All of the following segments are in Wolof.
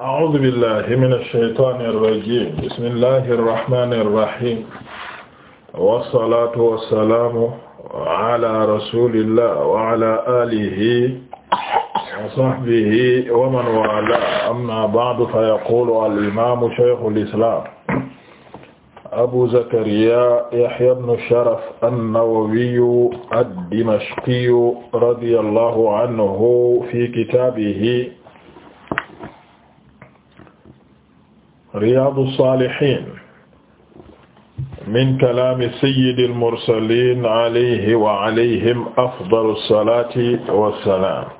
أعوذ بالله من الشيطان الرجيم بسم الله الرحمن الرحيم والصلاة والسلام على رسول الله وعلى آله وصحبه ومن والاه أما بعد فيقول الإمام شيخ الإسلام أبو زكريا يحيى بن الشرف النووي الدمشقي رضي الله عنه في كتابه Riyaadu Saalihiin min kalaami sayyidil mursaliin alayhi wa alayhim afdalu salaati wa salaam.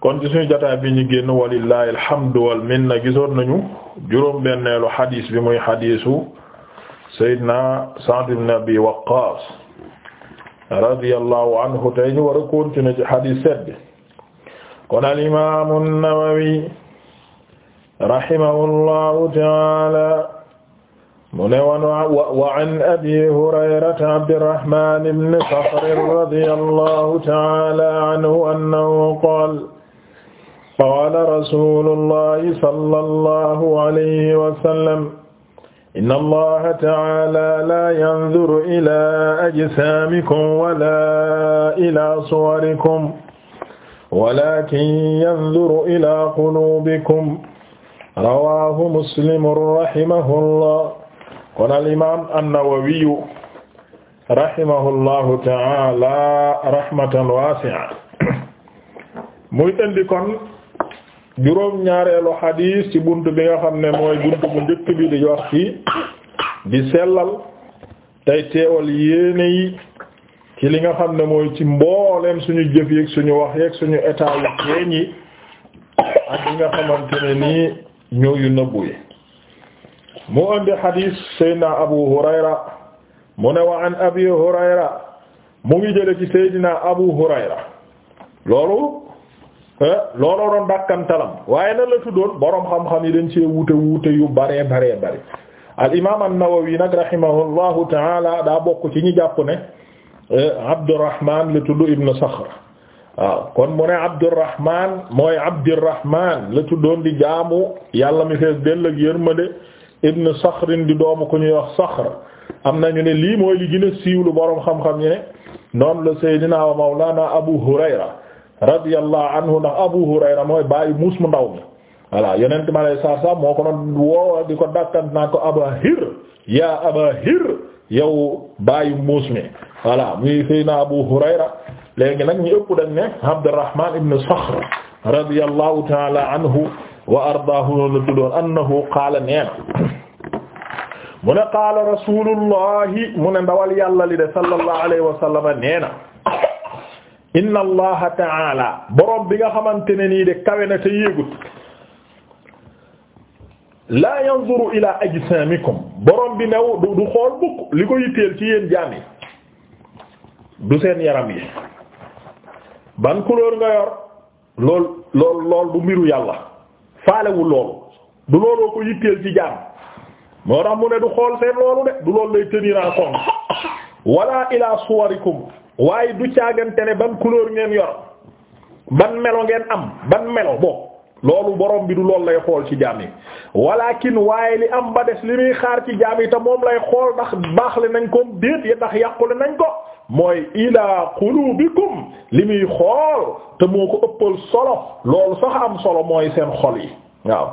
kon ci suñu jotaay bi ñu génn walillaahi alhamdu wal minna gisoon nañu juróom-benneelu xadis bi muy xadisu Seydina Sa'd ibn Abi Waqqaas radiyallaahu anhu tey ñu war a continuer ci xadis set bi kon al-Imaam an-Nawawi rahimahullahu taala mu ne woon wa an abi hurayrata abdirrahman ibn sakhrin radiyallahu taala anhu annahu qaala qaala rasulullahi sallallahu alayhi wa sallam inna allaha taala la yanzuru ila ajsaamikum wala ila suwarikum walakin yanzuru ila quluubikum rawaahu muslim rahimahullah kon al imaam an-Nawawi rahimahullahu ta'ala rahmatan waasi'a muy indi kon juróom ñaareelu xadiis ci bunt bi nga xam ne mooy bunt bu njëkk bi di wax ci di sellal tey teewal yéene yi ci li nga xam ne mooy ci mbooleem suñu jëf yeeg suñu wax yeeg suñu état yeeg yi ak li nga xamante ne nii ñëw yu nëbbu yi mu indi xadiis seydina abu hurayra mu ne wa an abi hurayra mu ngi jële ci seydina abu hurayra loolu eh, looloo doon dakkantalam waaye na la tuddoon boroom xam-xam yi dañ cee wuute wuute yu bare bare bare al imaam an-Nawawi nag rahimahullahu taala daa bokk ci ñi jàpp ne eh, Abdurrahman la tudd ibn Sakhr waaw kon mu ne Abdurrahman mooy Abdurrahman la tuddoon di jaamu yàlla mi fees dell ak yërmande ibn Saxrin di doomu ku ñuy wax Saxr am na ñu ne lii mooy li gën a siiw lu boroom xam-xam la Seydina wa Mawlana Abu Hurayra radiyallahu anhu ndax Abu Hurayra mooy bàyyi muus mu ndaw mi voilà yonent ma lay moo ko doon di ko dàkkan naa ko Abahir yaa Abahir yow bàyyi muus mi voilà muy Seydina Abu Hurayra léegi nag ñu ëpp dañ ne Abdurrahman ibn Sakhr radiyallahu ta'ala anhu wa ardaahu noonu la tuddoon neena mu ne qaala rasulullahi mu ne ndawal yàlla li de sallallahu alayhi wa neena inna allaha ta'ala borom bi nga xamante ne nii de kawe na te yéegut laa yanzuru ila ajsamikum borom bi new du xool bukk li ko yitteel du seen yaram yi ban couleur nga yor lool lool lool bu mbiru yàlla faalewul loolu du looloo ko yitteel ci jaam moo tax mu ne du xool seen loolu de du loolu lay tenir en compte wala ila suwarikum waaye du caagante ne ban couleur ngeen yor ban melo ngeen am ban melo bo loolu borom bi du loolu lay xool ci jaam yi walakin waaye li am ba des li muy xaar ci jaam yi te moom lay xool ndax baax le nañ ko déet ya ndax yàqule nañ ko mooy ila qulubikum li muy xool te moo ko ëppal solo loolu sax am solo mooy seen xol yi waaw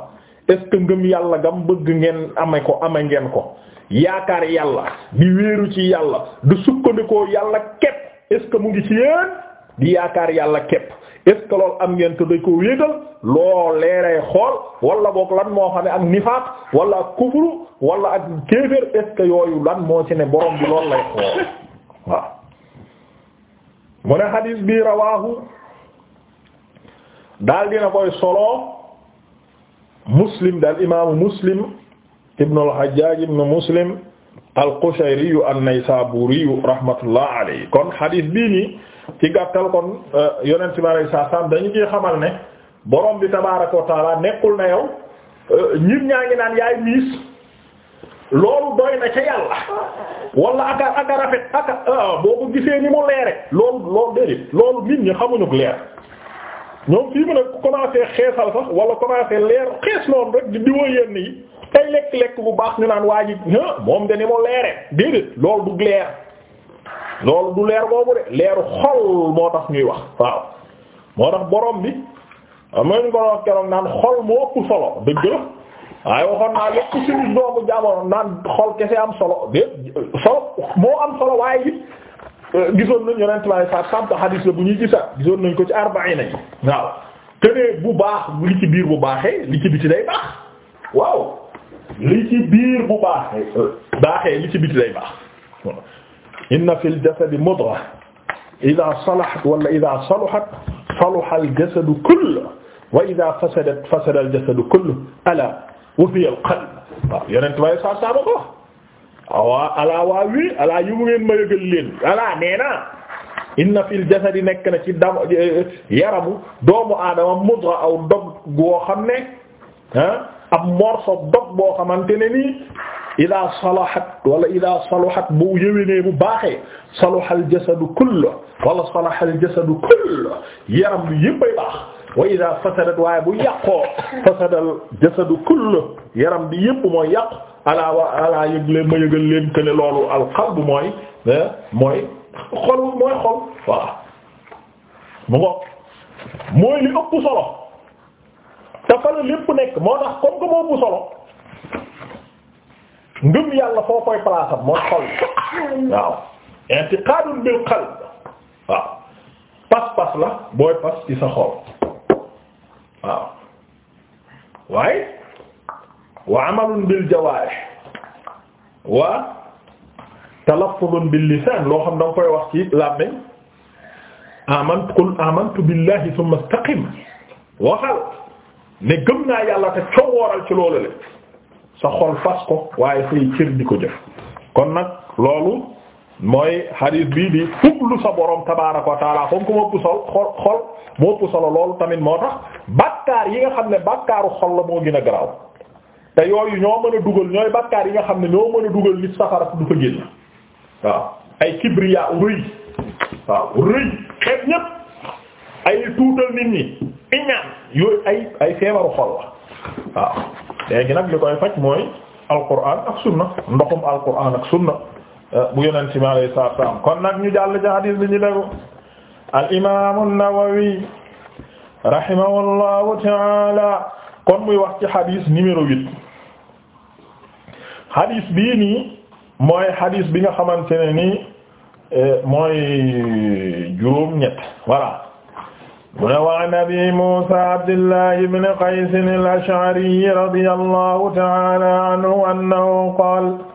est ngëm yàlla gam bëgg ngeen ame ko ame ngeen ko yaakaar yàlla di wéeru ci yàlla di sukkandikoo yàlla képp est que mu ngi ci yéen di yaakaar yàlla képp est-ce am ngeen te dañ ko wéetal loo leeray xool wala boog lan moo xam ne ak nifaaq wala ak kufru wala ak kéefër est yooyu lan moo ci ne borom bi loolu lay xool waaw mu ne xadis bi rawaahu daal dina koy solo muslim daal imaamu muslim ibnu al-Hajjaj ibnu muslim al-Qushayriyu an-Naysaburiyu rahmatullah alayhi kon xadis bii nii ci gàttal kon euh, yonent bi alayhi salaam dañu ciy xamal ne borom bi tabaaraka wa taala nekkul na yow euh, ñun ñaa ngi naan yaay miis. loolu doy na ca yàlla wala aka aka rafet aka ah, boo ko gisee ni mu leere loolu loolu déedéet loolu nit ñi xamuñu ko leer ñoom fii mu ne commencé xeesal sax wala commencé leer xees noonu rek di diwa yenn yi tey lekk-lekk bu baax ñu naan waa ji ah, moom de ni mu leere déedéet loolu du leer loolu du leer boobu de leeru xol moo tax ñuy wax waaw moo tax boroom bi am nañu ko keroog naan xol moo ëpp solo dëgg la waaye waxoon naa lépp suñu doomu jamono naan xol kese am solo de solo moo am solo waaye it euh, gisoon nañ yonent bi sa sàmp hadis la bu ñuy gisaat gisoon nañ ko ci arba'ina yi waaw te ne bu baax li ci biir bu baaxee li ci biti day baax waaw li ci biir bu baaxee euh, baaxee li ci biti day baax inna fil jasadi mudgha idha salahat wala idha salahat salaha al jasadu kullu wa idha fasadat fasada al jasadu kullu ala wa fi al qalb waaw yeneen tubaab yi saa saa ma ko wax awa alaa waa wii alaa yëgu ngeen ma yëgal leen alaa nee naa inna nekk na ci dam yaramu doomu aadama mudra aw dog goo xam ne ah morso dog boo xamante ne nii idaa salahat wala idaa salahat bu yëwénee bu baaxee salaha al jasadu kullu wala salaha al jasadu kullu yaram bi yëppay baax wa idaa fasadat waaye bu yàqoo fasadal jasadu kullu yaram bi yépp mooy yàq alaa wa alaa yëgle ma yëgal leen que loolu alqalb mooy mooy xol mooy xol voilà mu ngo mooy li ëpp solo te fa la nekk moo tax comme que ëpp solo ngëm yàlla foo koy place mooy xol waaw i'tiqadun bil qalb waaw pas-pas la booy pas ci sa xol waaw waaye wa amalun bil jawaarih wa talaffuzun bil lisaan loo xam danga koy wax ci làmmiñ amantu qul amantu billahi thumma istaqim waxal ne gëm naa yàlla te coow wooral ci loolu le sa xol fas ko waaye say cër di ko jëf kon nag loolu mooy hadis bii di fublu sa borom tabaaraka wa taala comme que sol xol moo ëpp solo loolu tamit moo tax bakkaar yi nga xam ne bakkaaru xol la moo gën a garaaw te yooyu ñoo mën a dugal ñooy bakkaar yi nga xam ne ñoo mën a dugal nit safara du fa génn waaw ay kibriya rëy waaw ñépp ay tuutal nit ñi iñaan yooyu ay ay feebaru xol la waaw léegi nag li koy faj mooy alquran ak sunna ndoxum alquran ak sunna Eh, bu yonent bi alayhi salaatu wa salaam kon nag ñu jàll ci hadis bi ñu déglu al imaam an-Nawawi rahimahullahu ta'ala kon muy wax ci hadis numéro huit hadis bii nii mooy hadis bi nga xamante ne nii eh, mooy juróom-ñett voilà mu ne wa an Abi Muusaa Abdillahi ibn Qays al-Ash'ari radiyallahu ta'ala anhu annahu qaala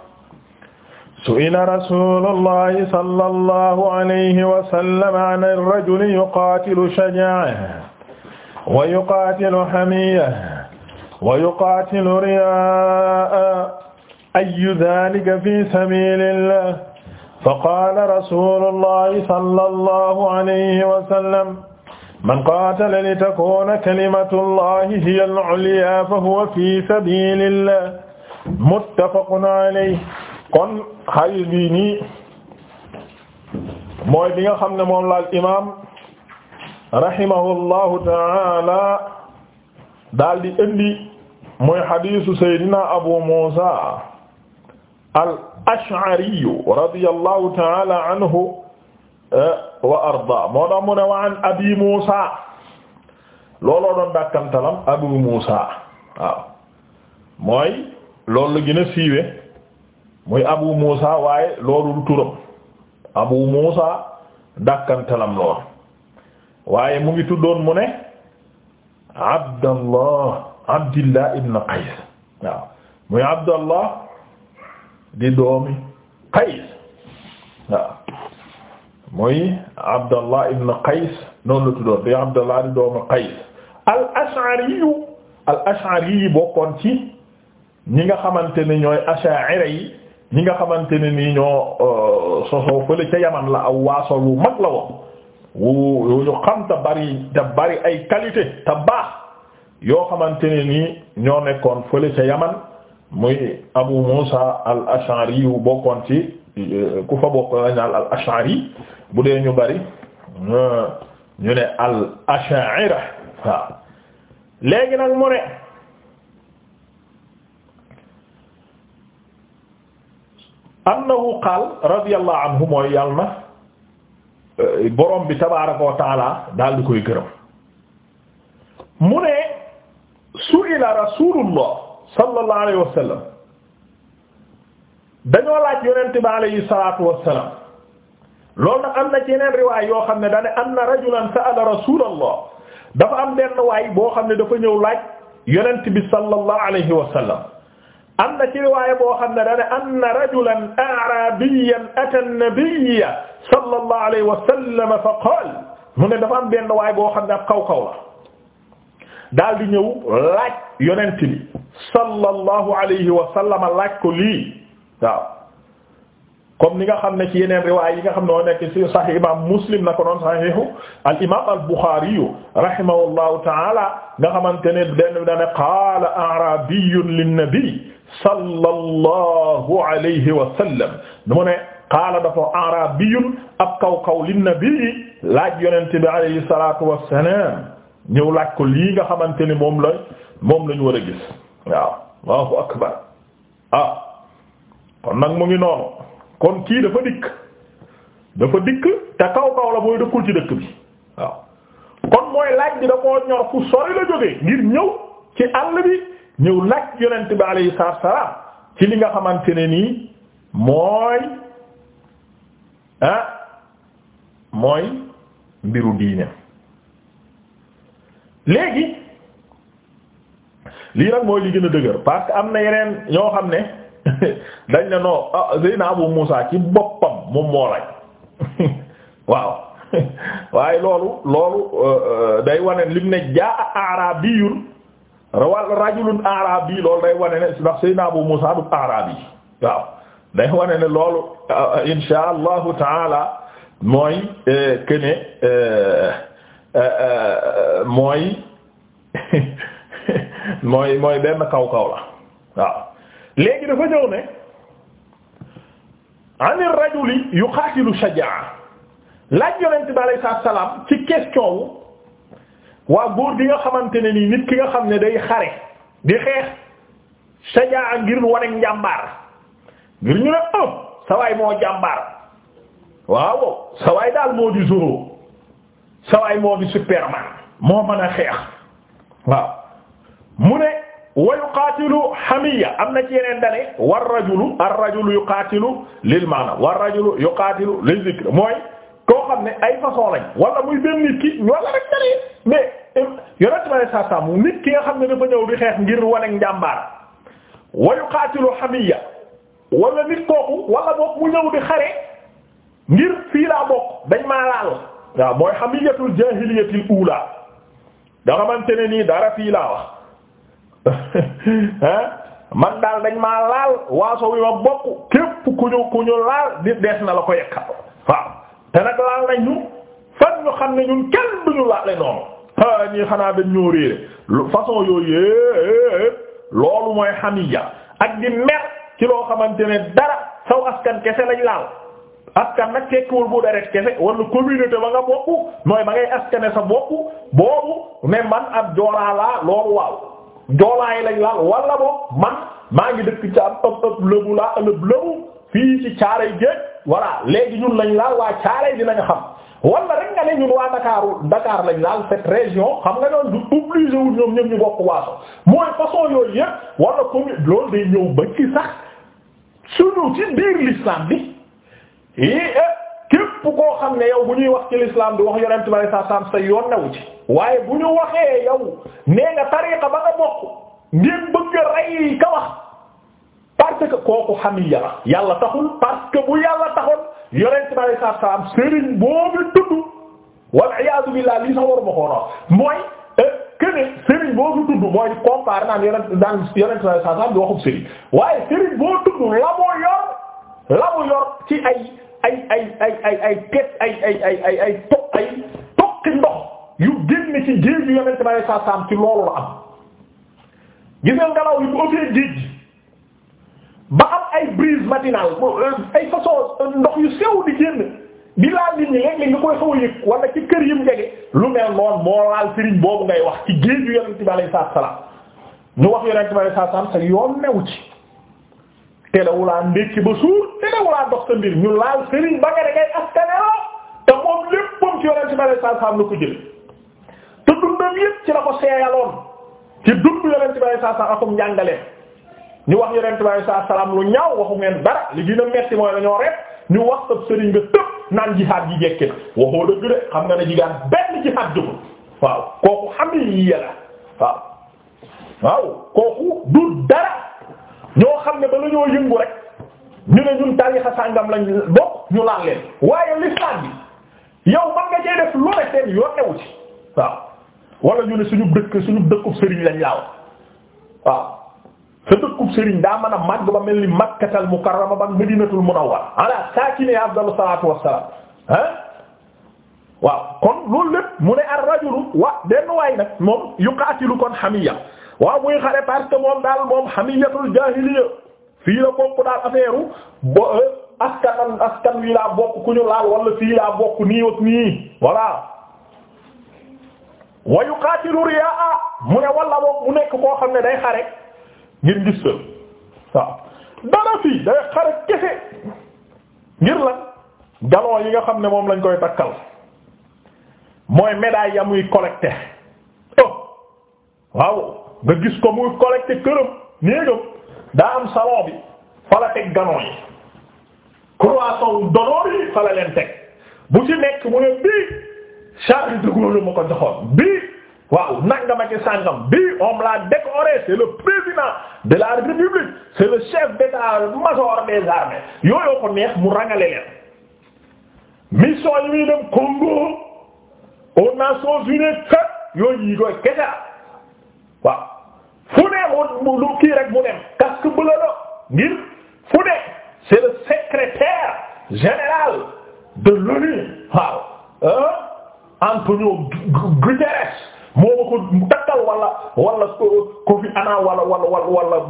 su'ila rasuulullahi sallallahu alayhi wa sallam an rajulin yuqaatilu shajaa'atan wa yuqaatilu hamiyyatan wa yuqaatilu riyaa'an ayyu dhaalika fii sabiilillah faqaala rasuulullahi sallallahu alayhi wa sallam man qaatala litakuuna kalimatullahi hiya al-'ulyaa fahuwa fii sabiilillah muttafaqun alayhi kon xadiis bi nii mooy bi nga xam ne moom la al imaam rahimahullahu taala daal di indi mooy xadiisu saydina abu muusa al ash'ari radiyallahu taala anhu eh, wa arda moo tax mu ne wa an abi muusa looloo doon dàkkantalam abu muusa waaw mooy loolu la gën a siiwe muy abu muusa waaye loolu du turam abu muusa dàkkantalam lool waaye mu ngi tuddoon mu ne abdallah abdillah ibn qays waaw muy abdallah di doomi qays waaw muy abdallah ibn la tuddoon di abdallah di doomi qays al ash'ari al ash'ari bokkoon ci ñi nga xamante ne ñooy ash'ari ñi nga xamante ne nii ñoo euh, sosoo fële ca yaman la aw waaso wu mag la woon wu ñu xam te bari te bari ay qualité te baax yoo xamante ne nii ñoo nekkoon fële ca yaman muy abu musa al ashari yu bokkoon ci euh, ku fa bokk la ñaal al ashari bu dee ñu bari euh, ñu ne al ashaira waaw léegi nag mu ne annahu qaal radiyallahu anhu mooy yàlla na euh, borom bi tabaaraka wa taala daal di koy gërëm mu ne su'ila rasulullah sallallahu alayhi wa sallam dañoo laaj yonent bi alayhi salaatu wa salaam loolu nag am na ci yeneen riwaay yoo xam ne dañ ne anna rajulan sa'ala rasulallah dafa am benn waay boo xam ne dafa ñëw laaj yonent bi sallallahu alayhi wa sallam am na ci riwaaya boo xam ne dane anna rajulan a'rabiyan ata an-nabiyya sallallahu alayhi wa sallam fa qaala mu ne dafa am benn waay boo xam ne ab kaw kaw la daal di ñëw laaj yonent bi sallallahu alayhi wa sallam laaj ko lii waaw comme ni nga xam ne ci yeneen riwaay yi nga xam ne moo nekk ci sahih imam muslim na ko noon sahihu al imam al bukhari rahimahullahu ta'ala nga xamante ne benn bi dane qaala a'rabiyyun lin-nabi sallallahu alayhi wa sallam mu ne qaala dafa arabiyun ab kaw kaw li nabi laaj yonent bi alayhi salaatu wassalaam ñëw laaj ko lii nga xamante ni moom la moom lañu war a gis waaw Allahu akbar ah kon nag mu ngi noonu kon kii dafa dikk dafa dikk te kaw kaw la mooy dëkkul ci dëkk bi waaw kon mooy laaj bi da ñor fu sori la jógee ngir ñëw ci àll bi ñëw laaj yonent bi alayhi salaam ci li nga xamante ne nii mooy ah mooy mbiru diine léegi lii nag mooy li gën a dëgër parce que am na yeneen ñoo xam ne dañ ne noo ah Zeyna Abu Musa ci boppam moom moo laaj waaw waaye loolu loolu euh, euh, day wane lim ne jaa arabiyun rawal rajulun arabi loolu day wane ne ndax Seydina Abu Musa du arabi waaw day wane ne loolu euh, insha allahu taala mooy euh, que ne euh, mooy mooy mooy benn kaw kaw la waaw léegi dafa ñëw ne an shajaa laaj yonent bi alayhi salaam ci question wu waaw góor gi nga xamante ne nii nit ki nga xam ne day xare di xeex sajaa ngir wane njàmbaar ngir ñu ne oh sawaay moo jàmbaar waaw sawaay daal moo di Zorro sawaay moo di Superman moo mën a xeex waaw mu ne wa yuqaatilu hamiya am na ci yeneen dane war rajulu ar rajulu yuqaatilu lil maana war rajulu yuqaatilu lil zikr mooy koo xam ne ay façon lañ wala muy benn nit ki wala rek tari mais yonent ma ne saa saa mu nit ki nga xam ne dafa ñëw di xeex ngir waneeg njàmbaar wayu xaatilu xamiya wala nit kooku wala boog mu ñëw di xare ngir fii laa bokk dañ maa laal waaw mooy xamiyatul jaahiliyatil uulaa da xamante ne nii dara fii laa wax ah man daal dañ maa laal waaso wi ma bokk képp ku ñu ku ñu laal nit dees na la ko yekkal waaw te nag laal nañ ñu fan ñu xam ne ñun kenn duñu laale noonu ah ñii xanaa dañ ñoo réere façon yooyu yëpp loolu mooy xamiya ak di mer ci loo xamante ne dara saw askan kese lañ laal. askan nag tekkiwul bu deret kese na communauté ba nga bokk mooy ba ngay askane sa bokk boobu ne man ak joolaa laa loolu waaw joolaa yi lañ laal wala boog man maa ngi dëkk ca ab ëpp lëbu laa ëllëg lëbu fii ci caaray géej. voilà léegi ñun lañ laal waa Thialé dinañ xam walla rek nga ne ñun waa Dakaaru Dakar lañ laal cette région xam nga noonu du obligé wu ñoom ñoom ñu bokk waaso mooy façon yooyu yëpp wala commune loolu day ñëw ba ci sax suñu ci biir l'islam bi eh, képp koo xam ne yow bu ñuy wax ci l'islam di wax yonent bari sa sam sa yoon newu ci waaye bu ñu waxee yow nee nga tariqa ba nga bokk ngeen bëgg a rey ka wax parce que kooku xamiya la yàlla taxul parce que bu yàlla taxoon yonent bi alayhi salaam sëriñ boobu tudd wal iyaadu billaah lii sax waru ma koo mooy euh, que ne sëriñ boo tudd mooy comparé naan yonent daan waaye sëriñ boo tudd la mu la mu ci ay ay ay ay ay ay tet ay ay ndox yu génn ci géej yu yonent bi alayhi salaam ci loolu la am gis nga ngelaw yu bu ëppee géej ba am ay brise matinale euh, ay façon euh, ndox yu sew di génn di laal nit ñi léeg-léeg nga koy xaw a yëg wala ci kër yi mu lu mel noonu moo laal sëriñ boobu ngay wax ci géej yu yonent bi alayhi salaam ñu wax yonent bi alayhi salaam sa yoon new ci telewulaa ndékki ba suur telewulaa dox sa mbir ñu laal sëriñ ba nga da ngay askaneloo te moom léppam ci yonent bi alayhi salaam la ko jël te dundam yépp ci la ko seeyaloon ci dund yonent bi alayhi salaam akum ñu wax yonent bi saa salaam lu ñaaw waxu ngeen dara li gën a metti mooy dañoo rek ñu wax sab sëriñ nga tëb naan jihaad ji jekki na waxoo dëgg de xam nga ne jigaan benn jihaad jëful waaw kooku xam yi yàlla waaw waaw kooku du dara ñoo xam ne ba la ñoo yëngu rek ñu ne ñun tariixa sàngam lañ bokk ñu laal leen waaye l'islam bi yow man nga cee def lu ne seen yoon newu ci waaw wala ñu ne suñu dëkk suñu dëkkub sëriñ lañ laaw waaw sa dëkkub sëriñ daa mën a màgg ba mel ni makkatal mukarrama ba madinatul munawwar ala saakini afdalu salaatu wassalaam ah waaw kon loolu lépp mu ne ar-rajulu wa benn waay nag moom yuqaatilu kon hamiya waaw muy xare parce que moom daal moom hamiyatul jaahiliya fii la bokk daal affaire euh, askan askan wi laa bokk laal wala fii laa bokk nii ak nii voilà wa yuqaatilu riyaa mu ne wala moom mu nekk koo xam ne day xare. ngir gis tël waaw fii day xare kese ngir lan galon yi nga xam ne moom lañ koy takkal mooy médaille ya muy collecté oh waaw nga gis ko muy collecté këram néegam daa am salon bi fa la teg galon yi croissant d'honneur yi fa leen teg bu ci nekk mu ne bii Charles de Gaulle ma ko joxoon bii waaw nangama ci sàngam bi on l'a décoré c'est le président de la république c'est le chef d'état-major des armées yooyu ko neex mu rangale leen mission yi muy dem Congo aux Nations unies kat yooyu yi koy kese waaw fu ne mu lu kii rek mu dem casque bleu la ngir fu ne c'est le secrétaire général de l'ONU waaw euh, Antonio Guterres moo ko takkal wala wala Kofi Annan wala wala waaw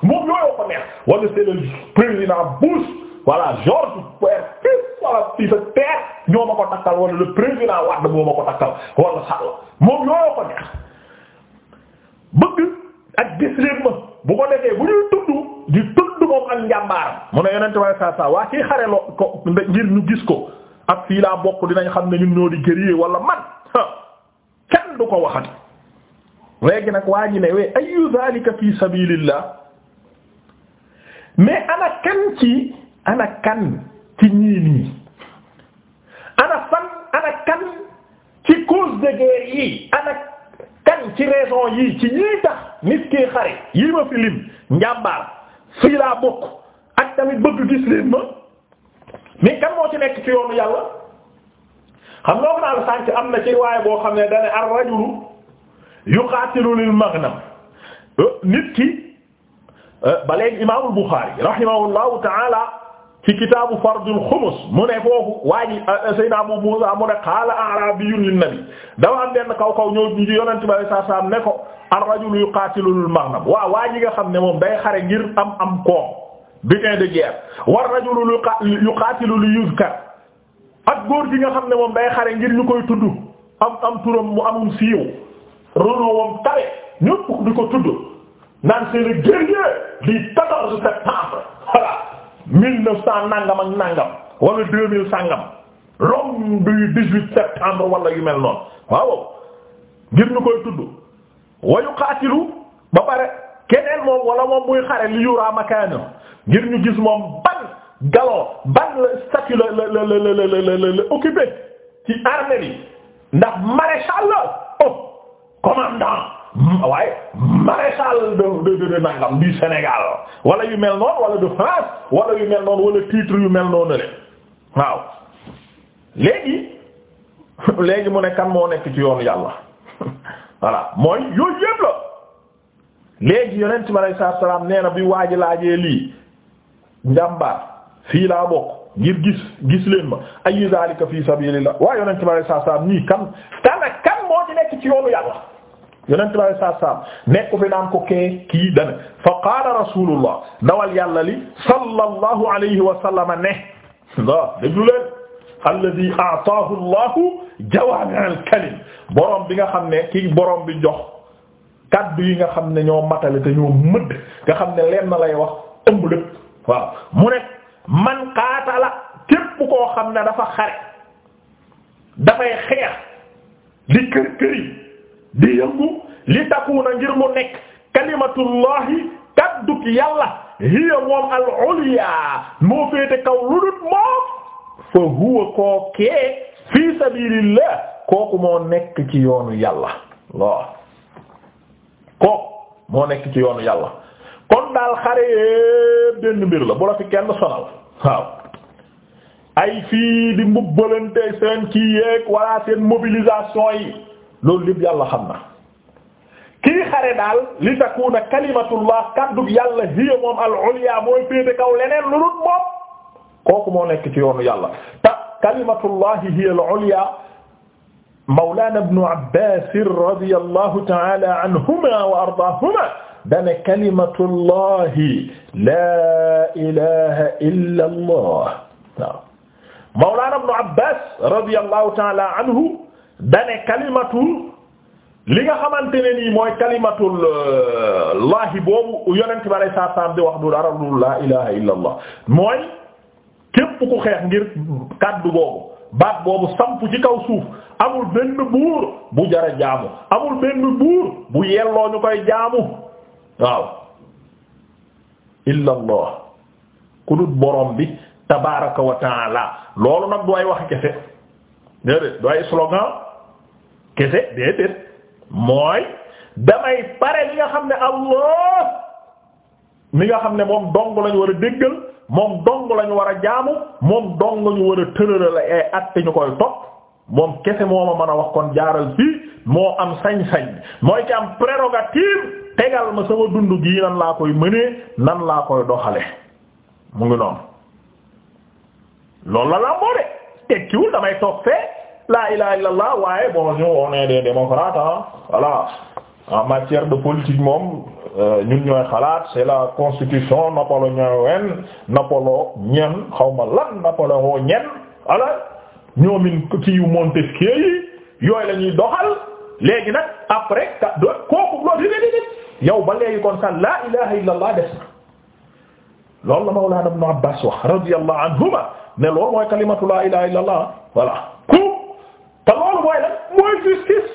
moom yooyu ko neex wala c'est le président Bush voilà George père wala fils de père ñoo ma ko takkal wala le président Wade moo ma ko takkal wala Sall moom yooyu ko neex bëgg ak gis leen ma bu ko defee bu ñuy tudd di tudd moom ak njàmbaaram mu ne yonente waaye saa saa waa kii xare loo ko ngir ñu gis ko ak fii laa bokk dinañ xam ne ñun ñoo di gëriyee wala man kenn du ko waxati léegi nag waa ji ne we ayu zalika fi sabilillah mais ana kan ci ana kan ci ñii nii ana fan ana kan ci cause de guerre yi ana kan ci raison yi ci ñii tax nit ki xare yi ma fi lim njàmbaar fii laa bokk ak tamit bëgg gis leen ma mais kan moo ci nekk ci yoonu yàlla xam nga wax naa la sànq am na ci waaye boo xam ne dane ar rajulu yuqaatilu lil maghnam euh, nit ki euh, ba léegi imaamul Buxaari rahimahullahu taala ci kitaabu fardul xumus mu ne foofu waa ji euh, Seydina Abu Muusa mu ne qaala a'raabiyyun lin nabi dafa am benn kaw kaw ñëw ñu yonent bi sallallahu ne ko ar rajulu yuqaatilu lil maghnam waa ji nga xam ne moom day xare ngir am am koom butin de guerre war rajulu yuqaatilu li yuzkar ak góor gi nga xam ne moom day xare ngir ñu koy tudd am am turam mu amum siiw renommam tare ñëpp di ko tudd naan c'est le guerrier du 14 septembre voilà mille neuf cent nangam ak nangam wala deux mille sangam l'homme du 18 septembre wala yu mel noonu waaw ngir ñu koy tudd wayu xaatilu ba pare keneen moom wala moom muy xare li yuraa makaana ngir ñu gis moom galon ban la statut la la la la la la ci armée ndax maréchal la oh commandant mm, waaye maréchal de de de nangam du Sénégal wala yu mel noonu wala de France wala yu mel noonu wala titre yu mel noonu le waaw léegi léegi mu ne kan moo nekk ci yoonu yàlla voilà mooy yooyu yëpp la léegi yonent bi alayhi salaam nee na bi waaji laajee lii njàmbaar fii laa bokk ngir gis gis leen ma ayu zalika fi sabilillah waaye yonent bi alayhi salaam nii kan kan kan moo nekk ci yoonu yàlla yonent bi alayhi nekk nekku fi naan ko kee dana fa qaala rasulullah dawal yàlla li sallallahu alayhi wa sallama ne la déglu leen alladi bi nga xam ne ki borom bi jox kaddu yi nga xam ne ñoo matale te ñoo mëdd nga xam ne leen na wax ëmb lépp mu ne man qaatala képp koo xam ne dafa xare dafay xeex li kër këri di yëngu li takuna ngir mu nekk kalimatullahi kadduk yàlla hiya moom al ulya moo féete kaw lu dul moom fa huwa kookee fi sabilillah kooku moo nekk ci yoonu yàlla lool kooku moo nekk ci yoonu yàlla kon daal xare yépp benn mbir la bu la fi ay fii di mbubbalante seen kii yeeg walla seen mobilisation yi loolu lépp yàlla xam na kii xare daal li takuna kalimatullah kaddu yàlla hiya moom al ulya mooy féete kaw leneen lu moom kooku moo nekk ci yoonu yàlla al ulya mawlana ibn abbas radiyallahu ta'ala anhuma wa ardaahuma dane kalimatullahi la ilaha illa allah waaw mawlana ibn abbas radiyallahu ta'ala anhu dane kalimatul li nga xamante ne nii mooy kalimatul euh, laahi boobu yonent bi alay saa saam di wax du dara du laa ilaha illa mooy képp ku xeex ngir kàddu boobu baat boobu samp ci kaw suuf amul buur bu jara jaamu amul buur bu yelloo ñu koy jaamu waaw illa allah ku dut borom bi tabaraka wa la loolu nag du ay wax kese déedéet du ay slogan kese déedéet mooy damay pare li nga xam ne allah mi nga xam ne moom dong lañu war a déggal moom dong lañu war a jaamu moom dong ñu war a tëralal ay at ñu koy topp moom kese moo ma mën a wax kon jaaral fii moo am sañ-sañ mooy ci am prérogative tegal ma sama dund gii nan laa koy mënee nan laa koy doxale mu ngi noonu loolu la laa de tekkiwul damay toog fee la ilaha illallah waaye bon ñu on est des ah voilà en matière de politique moom euh, ñun ñooy xalaat c'est la constitution napoléonienne napoléonienne xaw ma lan napoléonienne ala ñoomin kii yu Montesquieu yi yooyu la doxal. léegi nag après ka doo kooku loolu déedéet yow ba léegi kon sax laa illa allah des na loolu la Mawlana Ibn Abbas wax radiyallahu anhuma ne loolu mooy kalimatu laa ilaha illa allah voilà ku te loolu mooy lan mooy justice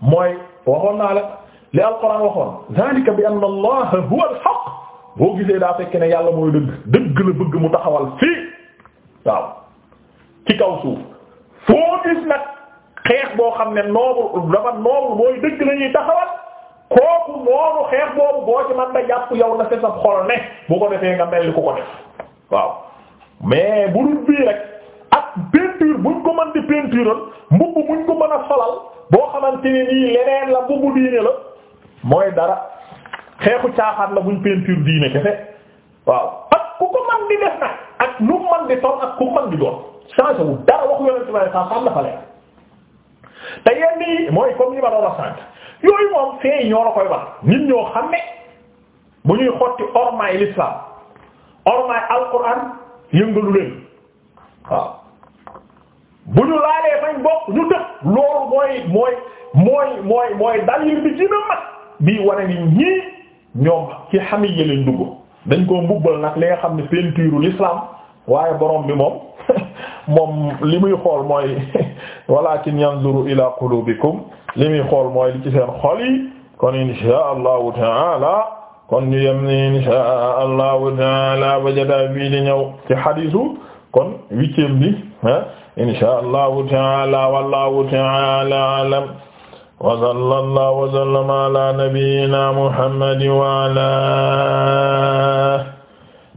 mooy waxoon naa la li alquran waxoon zalika bi anna allaha huwa alhaq boo gisee daa fekk ne yàlla mooy dëgg dëgg la bëgg mu taxawal fii waaw ci kaw suuf foo gis xeex boo xam ne noobul dafa noobul mooy dëgg la ñuy taxawal kooku noonu xeex boobu boo ci man da jàpp yow na sa xol ne bu ko defee nga mel ni ku ko def waaw mais bu dul bii rek ak peinture buñ ko mën di peinture mbubb buñ ko mën a solal boo xamante ne nii leneen la mbubb diine la mooy dara xeexu caaxaan la buñ peinture diine kese waaw ak ku ko mën di def ak nu mën di toll ak ku mën di doon changé wu dara waxu yonent bi sallallahu alayhi wasallam dafa leer te yenn yi mooy comme li ma doon wax yooyu moom fee ñoo la koy wax nit ñoo xam ne bu ñuy xotti ormaay l'islam ormaay alquran yëngalu leen waaw bu ñu laalee fañ bokk ñu def loolu mooy mooy mooy mooy mooy dalil bi gën a mag ci xam yi leen dugg dañ koo mbubbal nag li nga xam ne peinture l'islam waaye borom bi moom. moom li muy xool mooy walakin yanzuru ila qulubikum li muy xool mooy li ci seen xol yi kon insha allahu taala kon ñu yem ni insha allahu taala ba jotaay bii di ñëw ci xadiisu kon huitième bi ah insha allahu taala wallahu taala alam wa sallallahu wa sallama ala nabiyyina muhammadin wa ala